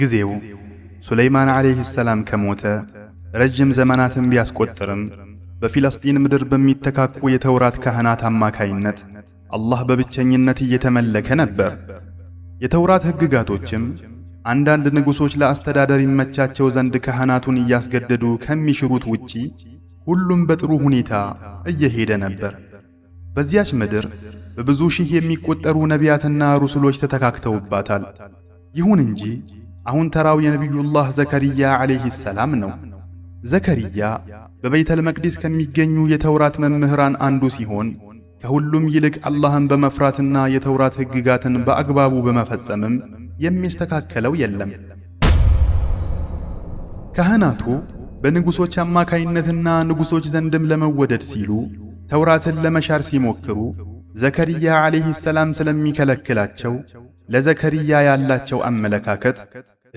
ጊዜው ሱለይማን ዓለይህ ሰላም ከሞተ ረጅም ዘመናትን ቢያስቆጥርም በፊላስጢን ምድር በሚተካኩ የተውራት ካህናት አማካይነት አላህ በብቸኝነት እየተመለከ ነበር። የተውራት ሕግጋቶችም አንዳንድ ንጉሶች ለአስተዳደር ይመቻቸው ዘንድ ካህናቱን እያስገደዱ ከሚሽሩት ውጪ ሁሉም በጥሩ ሁኔታ እየሄደ ነበር። በዚያች ምድር በብዙ ሺህ የሚቆጠሩ ነቢያትና ሩስሎች ተተካክተውባታል። ይሁን እንጂ አሁን ተራው የነቢዩላህ ዘከርያ ዐለይህ ሰላም ነው። ዘከርያ በቤተል መቅዲስ ከሚገኙ የተውራት መምህራን አንዱ ሲሆን ከሁሉም ይልቅ አላህን በመፍራትና የተውራት ሕግጋትን በአግባቡ በመፈጸምም የሚስተካከለው የለም። ካህናቱ በንጉሶች አማካይነትና ንጉሶች ዘንድም ለመወደድ ሲሉ ተውራትን ለመሻር ሲሞክሩ ዘከርያ ዐለይህ ሰላም ስለሚከለክላቸው ለዘከርያ ያላቸው አመለካከት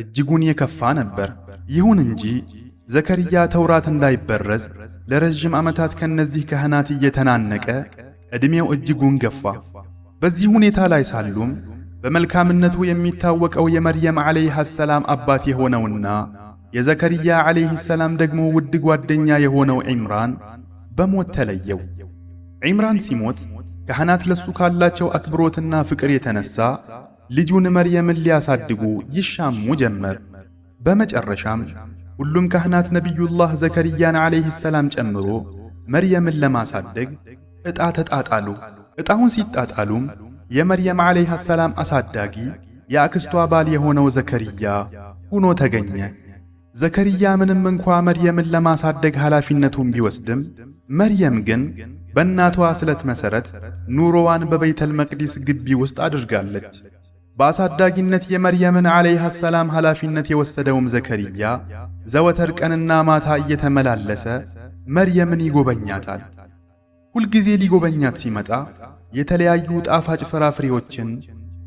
እጅጉን የከፋ ነበር። ይሁን እንጂ ዘከርያ ተውራት እንዳይበረዝ ለረዥም ዓመታት ከእነዚህ ካህናት እየተናነቀ ዕድሜው እጅጉን ገፋ። በዚህ ሁኔታ ላይ ሳሉም በመልካምነቱ የሚታወቀው የመርየም ዓለይሃ ሰላም አባት የሆነውና የዘከርያ ዓለይህ ሰላም ደግሞ ውድ ጓደኛ የሆነው ዒምራን በሞት ተለየው። ዒምራን ሲሞት ካህናት ለሱ ካላቸው አክብሮትና ፍቅር የተነሳ ልጁን መርየምን ሊያሳድጉ ይሻሙ ጀመር። በመጨረሻም ሁሉም ካህናት ነቢዩላህ ዘከርያን ዓለይህ ሰላም ጨምሮ መርየምን ለማሳደግ ዕጣ ተጣጣሉ። ዕጣውን ሲጣጣሉም የመርየም ዓለይህ ሰላም አሳዳጊ የአክስቷ ባል የሆነው ዘከርያ ሆኖ ተገኘ። ዘከርያ ምንም እንኳ መርየምን ለማሳደግ ኃላፊነቱን ቢወስድም መርየም ግን በእናቷ ስለት መሠረት ኑሮዋን በበይተል መቅዲስ ግቢ ውስጥ አድርጋለች። በአሳዳጊነት የመርየምን ዓለይሃ ሰላም ኃላፊነት የወሰደውም ዘከርያ ዘወተር ቀንና ማታ እየተመላለሰ መርየምን ይጎበኛታል። ሁልጊዜ ሊጎበኛት ሲመጣ የተለያዩ ጣፋጭ ፍራፍሬዎችን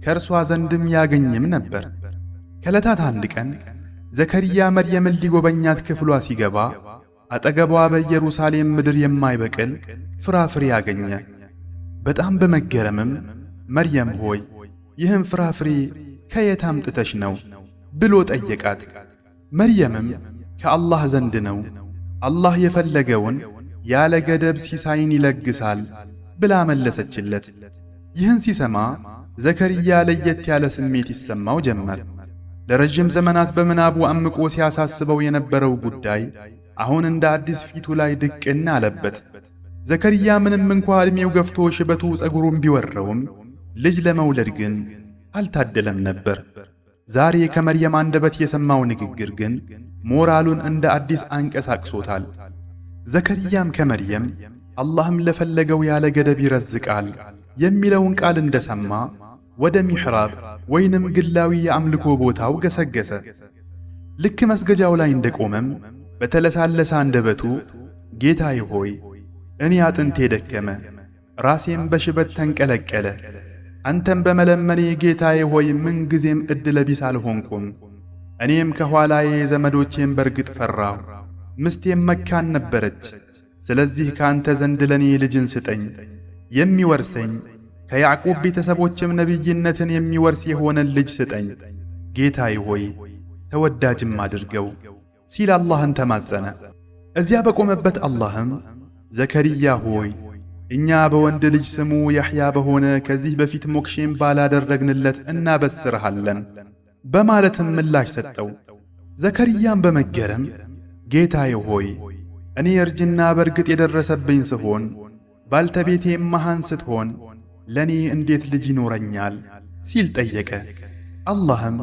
ከእርሷ ዘንድም ያገኝም ነበር። ከዕለታት አንድ ቀን ዘከርያ መርየምን ሊጎበኛት ክፍሏ ሲገባ አጠገቧ በኢየሩሳሌም ምድር የማይበቅል ፍራፍሬ አገኘ። በጣም በመገረምም መርየም ሆይ ይህም ፍራፍሬ ከየት አምጥተሽ ነው ብሎ ጠየቃት። መርየምም ከአላህ ዘንድ ነው፣ አላህ የፈለገውን ያለ ገደብ ሲሳይን ይለግሳል ብላ መለሰችለት። ይህን ሲሰማ ዘከርያ ለየት ያለ ስሜት ይሰማው ጀመር። ለረዥም ዘመናት በምናቡ አምቆ ሲያሳስበው የነበረው ጉዳይ አሁን እንደ አዲስ ፊቱ ላይ ድቅን አለበት። ዘከርያ ምንም እንኳ ዕድሜው ገፍቶ ሽበቱ ጸጉሩም ቢወረውም ልጅ ለመውለድ ግን አልታደለም ነበር። ዛሬ ከመርየም አንደበት የሰማው ንግግር ግን ሞራሉን እንደ አዲስ አንቀሳቅሶታል። ዘከርያም ከመርየም አላህም ለፈለገው ያለ ገደብ ይረዝቃል የሚለውን ቃል እንደሰማ ወደ ሚሕራብ ወይንም ግላዊ የአምልኮ ቦታው ገሰገሰ። ልክ መስገጃው ላይ እንደቆመም በተለሳለሰ አንደበቱ ጌታዬ ሆይ እኔ አጥንቴ ደከመ፣ ራሴም በሽበት ተንቀለቀለ አንተም በመለመኔ ጌታዬ ሆይ ምንጊዜም ዕድለ ቢስ አልሆንኩም። እኔም ከኋላዬ ዘመዶቼም በርግጥ ፈራሁ። ምስቴም መካን ነበረች። ስለዚህ ከአንተ ዘንድ ለእኔ ልጅን ስጠኝ የሚወርሰኝ ከያዕቆብ ቤተሰቦችም ነቢይነትን የሚወርስ የሆነን ልጅ ስጠኝ ጌታዬ ሆይ ተወዳጅም አድርገው ሲል አላህን ተማጸነ። እዚያ በቆመበት አላህም ዘከርያ ሆይ እኛ በወንድ ልጅ ስሙ ያሕያ በሆነ ከዚህ በፊት ሞክሼም ባላደረግንለት እናበስርሃለን በማለትም ምላሽ ሰጠው። ዘከርያም በመገረም ጌታዬ ሆይ እኔ እርጅና በርግጥ የደረሰብኝ ስሆን ባልተቤቴም መሃን ስትሆን ለእኔ እንዴት ልጅ ይኖረኛል ሲል ጠየቀ። አላህም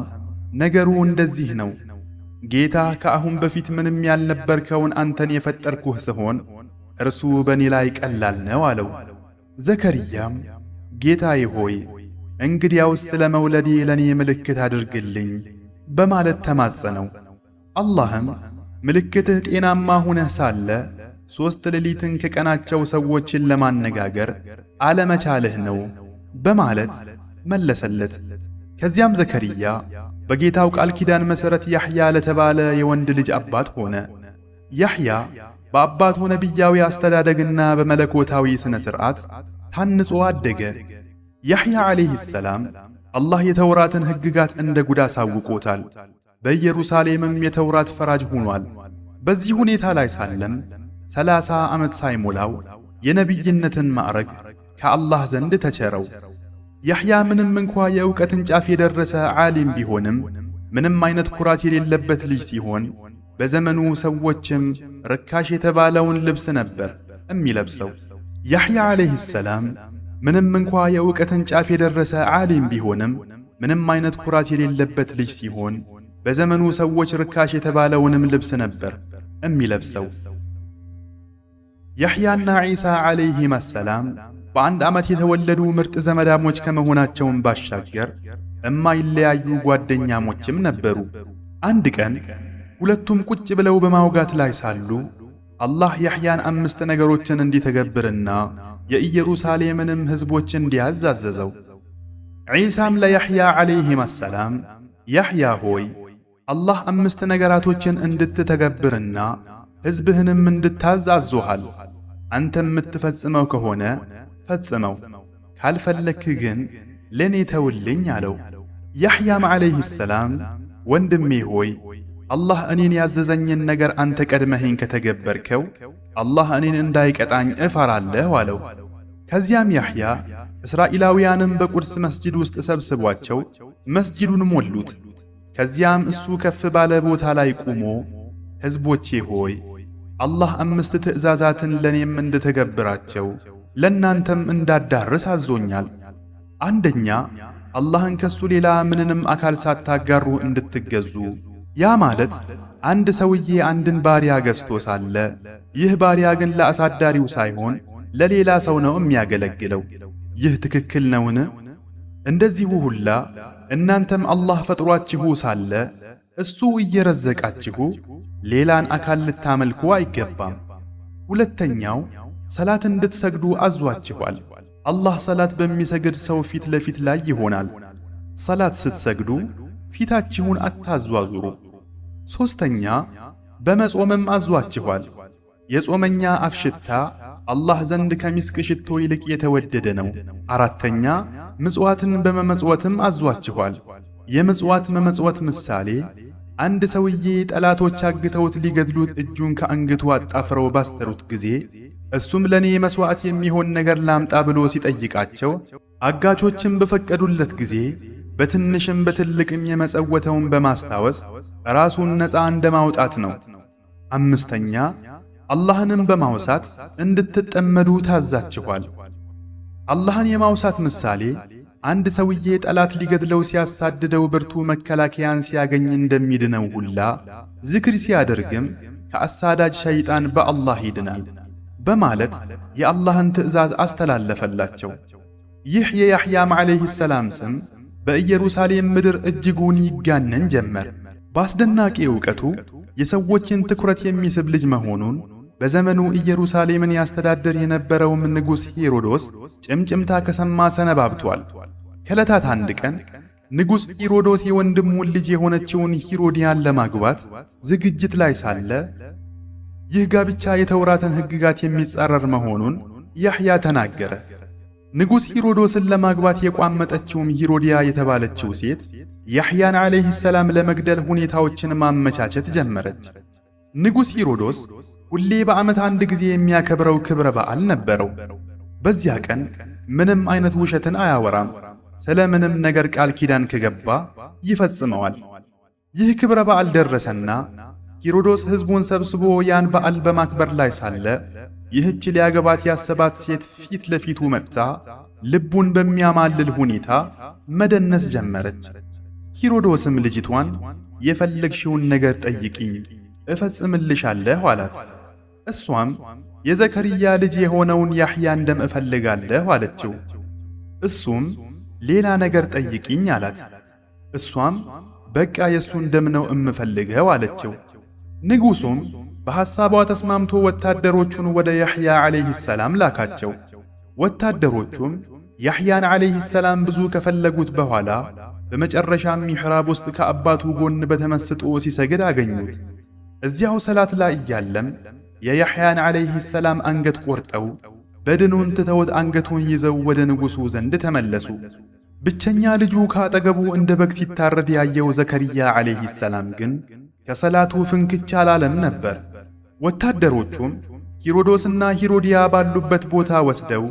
ነገሩ እንደዚህ ነው፣ ጌታ ከአሁን በፊት ምንም ያልነበርከውን አንተን የፈጠርኩህ ስሆን እርሱ በእኔ ላይ ቀላል ነው አለው። ዘከርያም ጌታዬ ሆይ እንግዲያውስ ስለ መውለዴ ለእኔ ምልክት አድርግልኝ በማለት ተማጸነው። አላህም ምልክትህ ጤናማ ሁነህ ሳለ ሦስት ሌሊትን ከቀናቸው ሰዎችን ለማነጋገር አለመቻልህ ነው በማለት መለሰለት። ከዚያም ዘከርያ በጌታው ቃል ኪዳን መሠረት ያሕያ ለተባለ የወንድ ልጅ አባት ሆነ። ያሕያ በአባቱ ነቢያዊ አስተዳደግና በመለኮታዊ ሥነ ሥርዓት ታንጾ አደገ። ያሕያ ዓለይህ ሰላም አላህ የተውራትን ሕግጋት እንደ ጉድ አሳውቆታል። በኢየሩሳሌምም የተውራት ፈራጅ ሆኗል። በዚህ ሁኔታ ላይ ሳለም ሰላሳ ዓመት ሳይሞላው የነቢይነትን ማዕረግ ከአላህ ዘንድ ተቸረው። ያሕያ ምንም እንኳ የእውቀትን ጫፍ የደረሰ ዓሊም ቢሆንም ምንም አይነት ኩራት የሌለበት ልጅ ሲሆን በዘመኑ ሰዎችም ርካሽ የተባለውን ልብስ ነበር የሚለብሰው። ያሕያ ዓለይህ ሰላም ምንም እንኳ የእውቀትን ጫፍ የደረሰ ዓሊም ቢሆንም ምንም አይነት ኩራት የሌለበት ልጅ ሲሆን በዘመኑ ሰዎች ርካሽ የተባለውንም ልብስ ነበር የሚለብሰው። ያሕያና ዒሳ ዓለይህም አሰላም በአንድ ዓመት የተወለዱ ምርጥ ዘመዳሞች ከመሆናቸውን ባሻገር እማይለያዩ ጓደኛሞችም ነበሩ። አንድ ቀን ሁለቱም ቁጭ ብለው በማውጋት ላይ ሳሉ አላህ ያሕያን አምስት ነገሮችን እንዲተገብርና የኢየሩሳሌምንም ሕዝቦች እንዲያዝ አዘዘው። ዒሳም ለያሕያ ዓለይሂም አሰላም ያሕያ ሆይ አላህ አምስት ነገራቶችን እንድትተገብርና ሕዝብህንም እንድታዝ አዞሃል። አንተ የምትፈጽመው ከሆነ ፈጽመው፣ ካልፈለክ ግን ለእኔ ተውልኝ አለው። ያሕያም ዓለይህ ሰላም ወንድሜ ሆይ አላህ እኔን ያዘዘኝን ነገር አንተ ቀድመህን ከተገበርከው አላህ እኔን እንዳይቀጣኝ እፈራለሁ አለው። ከዚያም ያሕያ እስራኤላውያንም በቁድስ መስጂድ ውስጥ ሰብስቧቸው መስጂዱን ሞሉት። ከዚያም እሱ ከፍ ባለ ቦታ ላይ ቆሞ ሕዝቦቼ ሆይ አላህ አምስት ትእዛዛትን ለእኔም እንድተገብራቸው ለእናንተም እንዳዳርስ አዞኛል። አንደኛ አላህን ከሱ ሌላ ምንንም አካል ሳታጋሩ እንድትገዙ ያ ማለት አንድ ሰውዬ አንድን ባሪያ ገዝቶ ሳለ ይህ ባሪያ ግን ለአሳዳሪው ሳይሆን ለሌላ ሰው ነው የሚያገለግለው። ይህ ትክክል ነውን? እንደዚሁ ሁላ እናንተም አላህ ፈጥሯችሁ ሳለ እሱ እየረዘቃችሁ ሌላን አካል ልታመልኩ አይገባም። ሁለተኛው ሰላት እንድትሰግዱ አዟችኋል። አላህ ሰላት በሚሰግድ ሰው ፊት ለፊት ላይ ይሆናል። ሰላት ስትሰግዱ ፊታችሁን አታዟዙሩ። ሦስተኛ በመጾምም አዟችኋል። የጾመኛ አፍሽታ አላህ ዘንድ ከሚስክ ሽቶ ይልቅ የተወደደ ነው። አራተኛ ምጽዋትን በመመጽወትም አዟችኋል። የምጽዋት መመጽወት ምሳሌ አንድ ሰውዬ ጠላቶች አግተውት ሊገድሉት እጁን ከአንገቱ አጣፍረው ባሰሩት ጊዜ እሱም ለእኔ መሥዋዕት የሚሆን ነገር ላምጣ ብሎ ሲጠይቃቸው አጋቾችን በፈቀዱለት ጊዜ በትንሽም በትልቅም የመጸወተውን በማስታወስ ራሱን ነፃ እንደ ማውጣት ነው። አምስተኛ አላህንም በማውሳት እንድትጠመዱ ታዛችኋል። አላህን የማውሳት ምሳሌ አንድ ሰውዬ ጠላት ሊገድለው ሲያሳድደው ብርቱ መከላከያን ሲያገኝ እንደሚድነው ሁላ ዝክር ሲያደርግም ከአሳዳጅ ሸይጣን በአላህ ይድናል በማለት የአላህን ትእዛዝ አስተላለፈላቸው። ይህ የያሕያም ዓለይህ ሰላም ስም በኢየሩሳሌም ምድር እጅጉን ይጋነን ጀመር። በአስደናቂ ዕውቀቱ የሰዎችን ትኩረት የሚስብ ልጅ መሆኑን በዘመኑ ኢየሩሳሌምን ያስተዳድር የነበረውም ንጉሥ ሄሮዶስ ጭምጭምታ ከሰማ ሰነባብቷል። ከዕለታት አንድ ቀን ንጉሥ ሄሮዶስ የወንድሙን ልጅ የሆነችውን ሂሮዲያን ለማግባት ዝግጅት ላይ ሳለ ይህ ጋብቻ የተውራትን ሕግጋት የሚጻረር መሆኑን ያሕያ ተናገረ። ንጉሥ ሂሮዶስን ለማግባት የቋመጠችውም ሂሮዲያ የተባለችው ሴት ያሕያን ዓለይህ ሰላም ለመግደል ሁኔታዎችን ማመቻቸት ጀመረች። ንጉሥ ሂሮዶስ ሁሌ በዓመት አንድ ጊዜ የሚያከብረው ክብረ በዓል ነበረው። በዚያ ቀን ምንም አይነት ውሸትን አያወራም። ስለ ምንም ነገር ቃል ኪዳን ከገባ ይፈጽመዋል። ይህ ክብረ በዓል ደረሰና ሂሮዶስ ሕዝቡን ሰብስቦ ያን በዓል በማክበር ላይ ሳለ ይህች ሊያገባት ያሰባት ሴት ፊት ለፊቱ መጥታ ልቡን በሚያማልል ሁኔታ መደነስ ጀመረች። ሂሮዶስም ልጅቷን የፈለግሽውን ነገር ጠይቂኝ እፈጽምልሻለሁ አላት። እሷም የዘከርያ ልጅ የሆነውን ያሕያን ደም እፈልጋለሁ አለችው። እሱም ሌላ ነገር ጠይቂኝ አላት። እሷም በቃ የእሱን ደም ነው እምፈልገው አለችው። ንጉሡም በሐሳቧ ተስማምቶ ወታደሮቹን ወደ ያሕያ ዓለይህ ሰላም ላካቸው። ወታደሮቹም ያሕያን ዓለይህ ሰላም ብዙ ከፈለጉት በኋላ በመጨረሻም ሚሕራብ ውስጥ ከአባቱ ጎን በተመስጦ ሲሰግድ አገኙት። እዚያው ሰላት ላይ እያለም የያሕያን ዓለይህ ሰላም አንገት ቆርጠው በድኑን ትተውት አንገቱን ይዘው ወደ ንጉሡ ዘንድ ተመለሱ። ብቸኛ ልጁ ከአጠገቡ እንደ በግ ሲታረድ ያየው ዘከርያ ዓለይህ ሰላም ግን ከሰላቱ ፍንክች አላለም ነበር። ወታደሮቹም ሂሮዶስና ሂሮዲያ ባሉበት ቦታ ወስደው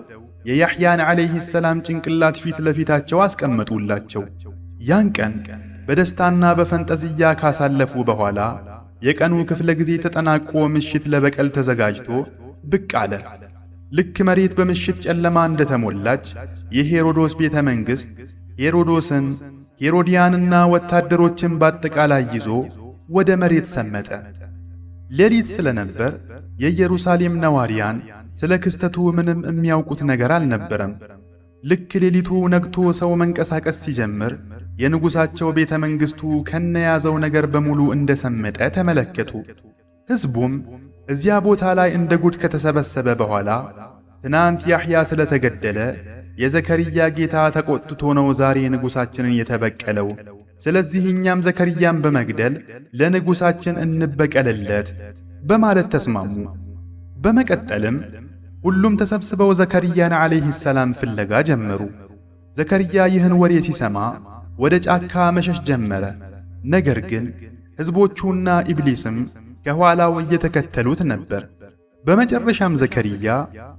የያሕያን ዓለይህ ሰላም ጭንቅላት ፊት ለፊታቸው አስቀመጡላቸው። ያን ቀን በደስታና በፈንጠዝያ ካሳለፉ በኋላ የቀኑ ክፍለ ጊዜ ተጠናቆ ምሽት ለበቀል ተዘጋጅቶ ብቅ አለ። ልክ መሬት በምሽት ጨለማ እንደተሞላች የሄሮዶስ ቤተ መንግሥት ሄሮዶስን ሄሮዲያንና ወታደሮችን በአጠቃላይ ይዞ ወደ መሬት ሰመጠ። ሌሊት ስለነበር የኢየሩሳሌም ነዋሪያን ስለ ክስተቱ ምንም የሚያውቁት ነገር አልነበረም። ልክ ሌሊቱ ነግቶ ሰው መንቀሳቀስ ሲጀምር የንጉሣቸው ቤተ መንግሥቱ ከነያዘው ነገር በሙሉ እንደሰመጠ ተመለከቱ። ሕዝቡም እዚያ ቦታ ላይ እንደ ጉድ ከተሰበሰበ በኋላ ትናንት ያሕያ ስለተገደለ የዘከርያ ጌታ ተቆጥቶ ነው ዛሬ ንጉሣችንን የተበቀለው ስለዚህ እኛም ዘከርያን በመግደል ለንጉሣችን እንበቀልለት በማለት ተስማሙ። በመቀጠልም ሁሉም ተሰብስበው ዘከርያን ዓለይህ ሰላም ፍለጋ ጀመሩ። ዘከርያ ይህን ወሬ ሲሰማ ወደ ጫካ መሸሽ ጀመረ። ነገር ግን ሕዝቦቹና ኢብሊስም ከኋላው እየተከተሉት ነበር። በመጨረሻም ዘከርያ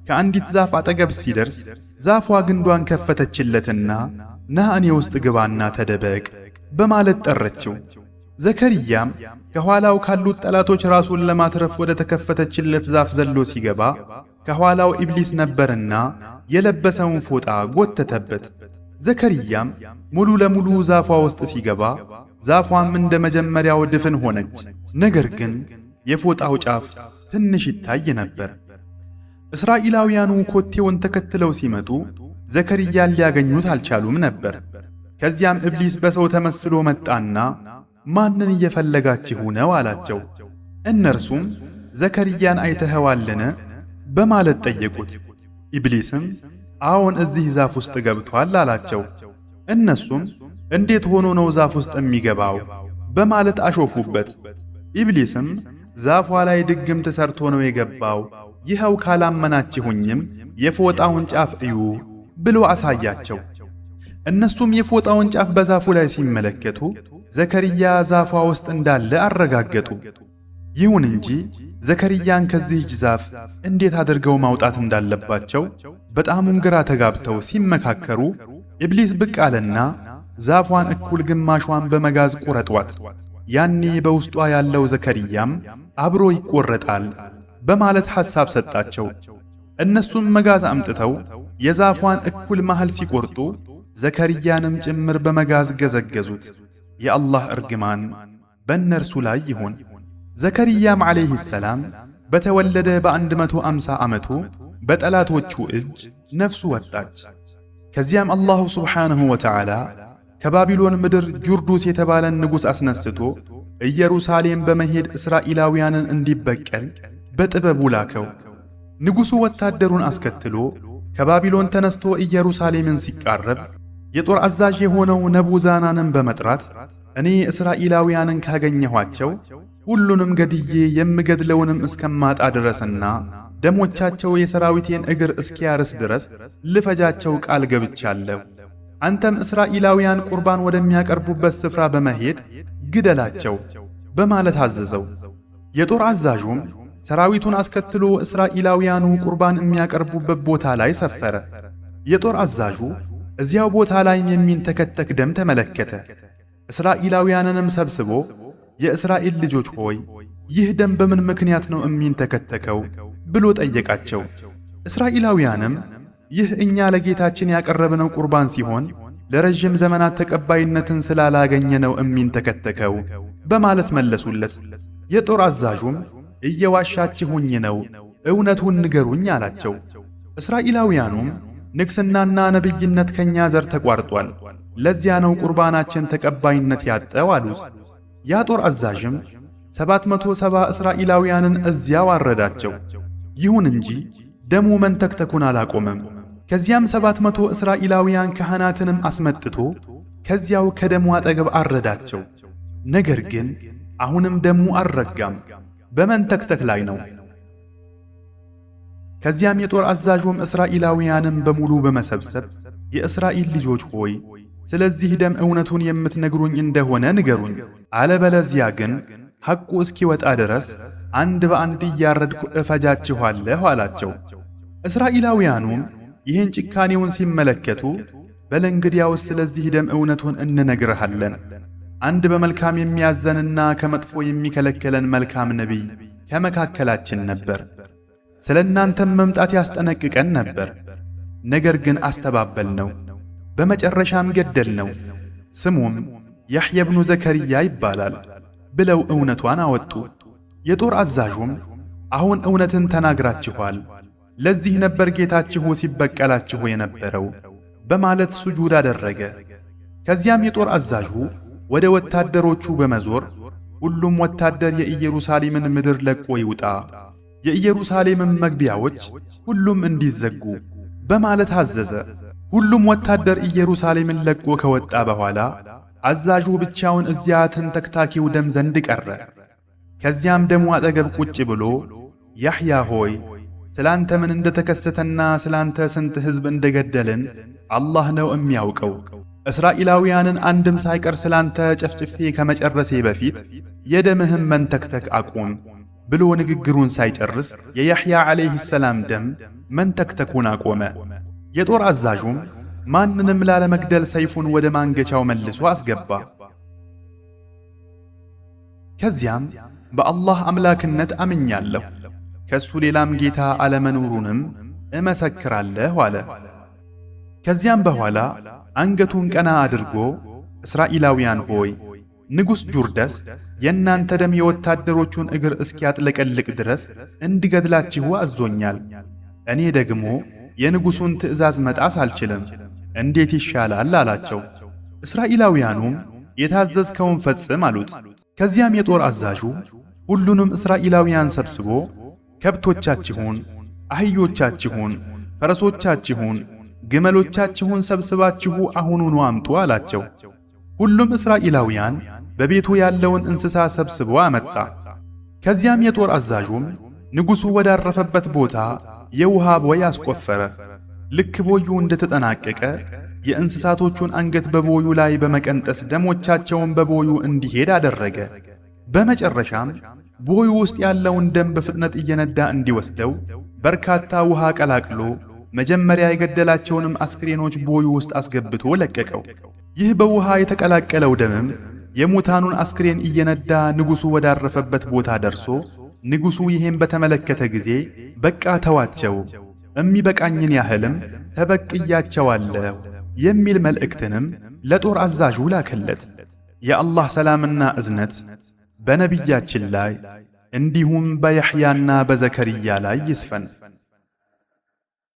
ከአንዲት ዛፍ አጠገብ ሲደርስ ዛፏ ግንዷን ከፈተችለትና ና እኔ ውስጥ ግባና ተደበቅ በማለት ጠረችው። ዘከርያም ከኋላው ካሉት ጠላቶች ራሱን ለማትረፍ ወደ ተከፈተችለት ዛፍ ዘሎ ሲገባ ከኋላው ኢብሊስ ነበርና የለበሰውን ፎጣ ጎተተበት። ዘከርያም ሙሉ ለሙሉ ዛፏ ውስጥ ሲገባ ዛፏም እንደ መጀመሪያው ድፍን ሆነች። ነገር ግን የፎጣው ጫፍ ትንሽ ይታይ ነበር። እስራኤላውያኑ ኮቴውን ተከትለው ሲመጡ ዘከርያን ሊያገኙት አልቻሉም ነበር። ከዚያም ኢብሊስ በሰው ተመስሎ መጣና ማንን እየፈለጋችሁ ነው አላቸው። እነርሱም ዘከርያን አይተኸዋልን በማለት ጠየቁት። ኢብሊስም አዎን እዚህ ዛፍ ውስጥ ገብቷል አላቸው። እነሱም እንዴት ሆኖ ነው ዛፍ ውስጥ የሚገባው በማለት አሾፉበት። ኢብሊስም ዛፏ ላይ ድግም ተሰርቶ ነው የገባው፣ ይኸው ካላመናችሁኝም የፎጣውን ጫፍ እዩ ብሎ አሳያቸው። እነሱም የፎጣውን ጫፍ በዛፉ ላይ ሲመለከቱ ዘከርያ ዛፏ ውስጥ እንዳለ አረጋገጡ። ይሁን እንጂ ዘከርያን ከዚህች ዛፍ እንዴት አድርገው ማውጣት እንዳለባቸው በጣምም ግራ ተጋብተው ሲመካከሩ ኢብሊስ ብቅ አለና ዛፏን እኩል ግማሿን በመጋዝ ቆረጧት፣ ያኔ በውስጧ ያለው ዘከርያም አብሮ ይቆረጣል በማለት ሐሳብ ሰጣቸው። እነሱም መጋዝ አምጥተው የዛፏን እኩል መሃል ሲቆርጡ ዘከርያንም ጭምር በመጋዝ ገዘገዙት። የአላህ እርግማን በእነርሱ ላይ ይሁን። ዘከርያም ዓለይህ ሰላም በተወለደ መቶ አምሳ ዓመቱ በጠላቶቹ እጅ ነፍሱ ወጣች። ከዚያም አላሁ ስብሓንሁ ወተዓላ ከባቢሎን ምድር ጁርዱስ የተባለን ንጉሥ አስነስቶ ኢየሩሳሌም በመሄድ እስራኤላውያንን እንዲበቀል በጥበቡ ላከው። ንጉሡ ወታደሩን አስከትሎ ከባቢሎን ተነስቶ ኢየሩሳሌምን ሲቃረብ የጦር አዛዥ የሆነው ነቡዛናንን በመጥራት እኔ እስራኤላውያንን ካገኘኋቸው ሁሉንም ገድዬ የምገድለውንም እስከማጣ ድረስና ደሞቻቸው የሰራዊቴን እግር እስኪያርስ ድረስ ልፈጃቸው ቃል ገብቻለሁ። አንተም እስራኤላውያን ቁርባን ወደሚያቀርቡበት ስፍራ በመሄድ ግደላቸው በማለት አዘዘው። የጦር አዛዡም ሰራዊቱን አስከትሎ እስራኤላውያኑ ቁርባን የሚያቀርቡበት ቦታ ላይ ሰፈረ። የጦር አዛዡ እዚያው ቦታ ላይም የሚንተከተክ ደም ተመለከተ። እስራኤላውያንንም ሰብስቦ የእስራኤል ልጆች ሆይ ይህ ደም በምን ምክንያት ነው የሚንተከተከው ብሎ ጠየቃቸው። እስራኤላውያንም ይህ እኛ ለጌታችን ያቀረብነው ቁርባን ሲሆን ለረዥም ዘመናት ተቀባይነትን ስላላገኘ ነው የሚንተከተከው በማለት መለሱለት። የጦር አዛዡም እየዋሻችሁኝ ነው፣ እውነቱን ንገሩኝ አላቸው። እስራኤላውያኑም ንግስናና ነቢይነት ከእኛ ዘር ተቋርጧል፣ ለዚያ ነው ቁርባናችን ተቀባይነት ያጠው አሉት። ያ ጦር አዛዥም ሰባት መቶ ሰባ እስራኤላውያንን እዚያው አረዳቸው። ይሁን እንጂ ደሙ መንተክተኩን አላቆመም። ከዚያም ሰባት መቶ እስራኤላውያን ካህናትንም አስመጥቶ ከዚያው ከደሙ አጠገብ አረዳቸው። ነገር ግን አሁንም ደሙ አልረጋም፣ በመንተክተክ ላይ ነው። ከዚያም የጦር አዛዡም እስራኤላውያንም በሙሉ በመሰብሰብ የእስራኤል ልጆች ሆይ ስለዚህ ደም እውነቱን የምትነግሩኝ እንደሆነ ንገሩኝ፣ አለበለዚያ ግን ሐቁ እስኪወጣ ድረስ አንድ በአንድ እያረድኩ እፈጃችኋለሁ አላቸው። እስራኤላውያኑም ይህን ጭካኔውን ሲመለከቱ በለንግዲያው ስለዚህ ደም እውነቱን እንነግርሃለን፣ አንድ በመልካም የሚያዘንና ከመጥፎ የሚከለከለን መልካም ነቢይ ከመካከላችን ነበር። ስለ እናንተም መምጣት ያስጠነቅቀን ነበር፣ ነገር ግን አስተባበልነው። በመጨረሻም ገደልነው፣ ስሙም ያሕያ ብኑ ዘከርያ ይባላል ብለው እውነቷን አወጡ። የጦር አዛዡም አሁን እውነትን ተናግራችኋል፣ ለዚህ ነበር ጌታችሁ ሲበቀላችሁ የነበረው በማለት ሱጁድ አደረገ። ከዚያም የጦር አዛዡ ወደ ወታደሮቹ በመዞር ሁሉም ወታደር የኢየሩሳሌምን ምድር ለቆ ይውጣ የኢየሩሳሌም መግቢያዎች ሁሉም እንዲዘጉ በማለት አዘዘ። ሁሉም ወታደር ኢየሩሳሌምን ለቆ ከወጣ በኋላ አዛዡ ብቻውን እዚያ ተንተክታኪው ደም ዘንድ ቀረ። ከዚያም ደሙ አጠገብ ቁጭ ብሎ ያሕያ ሆይ ስላንተ ምን እንደተከሰተና ስላንተ ስንት ሕዝብ እንደገደልን አላህ ነው የሚያውቀው። እስራኤላውያንን አንድም ሳይቀር ስላንተ ጨፍጭፌ ከመጨረሴ በፊት የደምህም መንተክተክ አቁም ብሎ ንግግሩን ሳይጨርስ የያሕያ ዓለይህ ሰላም ደም መንተክተኩን አቆመ። የጦር አዛዡም ማንንም ላለመግደል ሰይፉን ወደ ማንገቻው መልሶ አስገባ። ከዚያም በአላህ አምላክነት አምኛለሁ ከእሱ ሌላም ጌታ አለመኖሩንም እመሰክራለሁ አለ። ከዚያም በኋላ አንገቱን ቀና አድርጎ እስራኤላውያን ሆይ ንጉሥ ጁርደስ የእናንተ ደም የወታደሮቹን እግር እስኪያጥለቀልቅ ድረስ እንድገድላችሁ አዞኛል። እኔ ደግሞ የንጉሡን ትእዛዝ መጣስ አልችልም፣ እንዴት ይሻላል አላቸው። እስራኤላውያኑም የታዘዝከውን ፈጽም አሉት። ከዚያም የጦር አዛዡ ሁሉንም እስራኤላውያን ሰብስቦ ከብቶቻችሁን፣ አህዮቻችሁን፣ ፈረሶቻችሁን፣ ግመሎቻችሁን ሰብስባችሁ አሁኑኑ አምጡ አላቸው። ሁሉም እስራኤላውያን በቤቱ ያለውን እንስሳ ሰብስቦ አመጣ። ከዚያም የጦር አዛዡም ንጉሡ ወዳረፈበት ቦታ የውሃ ቦይ አስቆፈረ። ልክ ቦዩ እንደተጠናቀቀ የእንስሳቶቹን አንገት በቦዩ ላይ በመቀንጠስ ደሞቻቸውን በቦዩ እንዲሄድ አደረገ። በመጨረሻም ቦዩ ውስጥ ያለውን ደም በፍጥነት እየነዳ እንዲወስደው በርካታ ውሃ ቀላቅሎ መጀመሪያ የገደላቸውንም አስክሬኖች ቦዩ ውስጥ አስገብቶ ለቀቀው። ይህ በውሃ የተቀላቀለው ደምም የሙታኑን አስክሬን እየነዳ ንጉሡ ወዳረፈበት ቦታ ደርሶ ንጉሡ ይሄን በተመለከተ ጊዜ በቃ ተዋቸው፣ እሚበቃኝን ያህልም ተበቅያቸዋለሁ የሚል መልእክትንም ለጦር አዛዡ ላከለት። የአላህ ሰላምና እዝነት በነቢያችን ላይ እንዲሁም በያሕያና በዘከርያ ላይ ይስፈን።